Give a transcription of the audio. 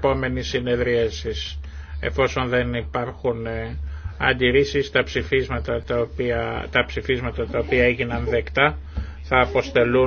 επόμενη συνεδρίασης. Εφόσον δεν υπάρχουν ε, αντιρρήσεις, τα ψηφίσματα τα οποία, τα ψηφίσματα τα οποία έγιναν δεκτά θα αποστελούν